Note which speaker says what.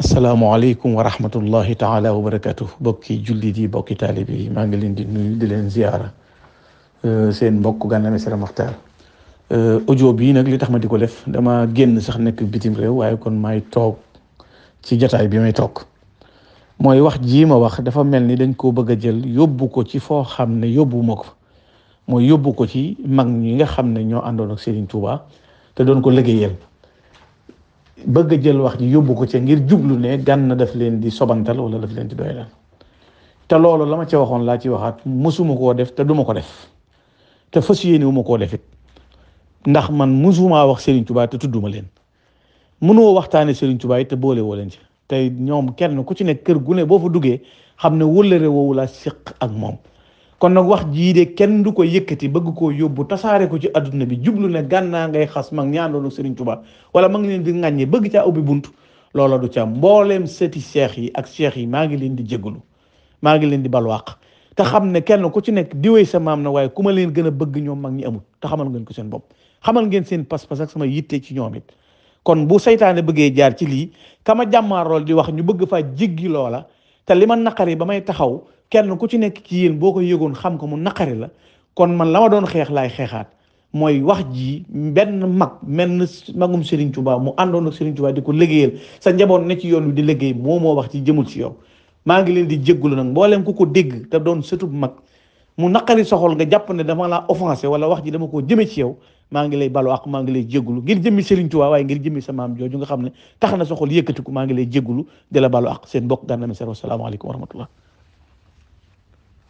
Speaker 1: asalaamualeykum wa rahmatullahi taala wa barakatuh bokki jullit yi bokki taalib yi maa ngi leen di nuyu di leen ziyaara euh, seen mbokk Gana Messere Maxtaar audio bii nag li tax ma di ko def dama génn sax nekk bitim réew waaye kon may toog ci jataay bi may toog mooy wax jii ma wax dafa mel ni dañ koo bëgg a jël yóbbu ko ci foo xam ne yóbbuwuma ko mooy yóbbu ko ci mag ñi nga xam ne ñoo àndoon ak Serigne Touba te doon ko liggéeyal bëgg a jël wax ji yóbbu ko ca ngir jublu ne na daf leen di sobantal wala daf leen di doyalal te loolu la ma ca waxoon laa ci waxaat mosuma koo def te duma ko def te fas yéene koo def ndax man mosuma wax sëriñ Touba te tudduma leen mënoo waxtaane Serigne tubaay te boole woo leen ci tey ñoom kenn ku ci nekk kër gu ne boo fa duggee xam ne wëllëre woowu laa séq ak moom kon nag wax jii de kenn du ko yëkkati bëgg koo yóbbu tasaare ko ci adduna bi jublu ne gànnaa ngay xas mag ñaandoon ak Serigne Touba wala ma ngi leen di ŋàññe bëgg caa ubbi bunt loola du ca mbooleem seeti seex yi ak seex yi maa ngi leen di jégalu maa ngi leen di balwaaq te xam ne kenn ku ci nekk diwee sa maam na waaye ku ma leen gën a bëgg ñoom mag ñi amul te xamal ngeen ko seen bopp xamal ngeen seen pas-pas ak sama yitte ci ñoom it kon bu saytaane bëggee jaar ci lii kama jàmmaarool di wax ñu bëgg faa jéggi loola te li ma naqari ba may taxaw kenn ku ci nekk ci yéen boo ko yegoon xam ko mu naqari la kon man la ma doon xeex laay xeexaat mooy wax ji benn mag menn magum Serigne Touba mu àndoon ak Serigne Touba di ko liggéeyal sa njaboot ne ci yoon wi di liggéey moo moo wax ci jëmul ci yow maa ngi leen di jéggalu nag mboolem ku ko dégg te doon sëtub mag mu naqari soxol nga jàpp ne dama laa offensé wala wax ji dama koo jëme ci yow maa ngi lay balu ak maa ngi lay jéggalu ngir jëmmi Serigne Touba waaye ngir jëmmi sa maam jooju nga xam ne tax na soxol yëkkatiku maa ngi lay jéggalu di la balu ak seen bokk Gana Messere wasalaamaaleykum wa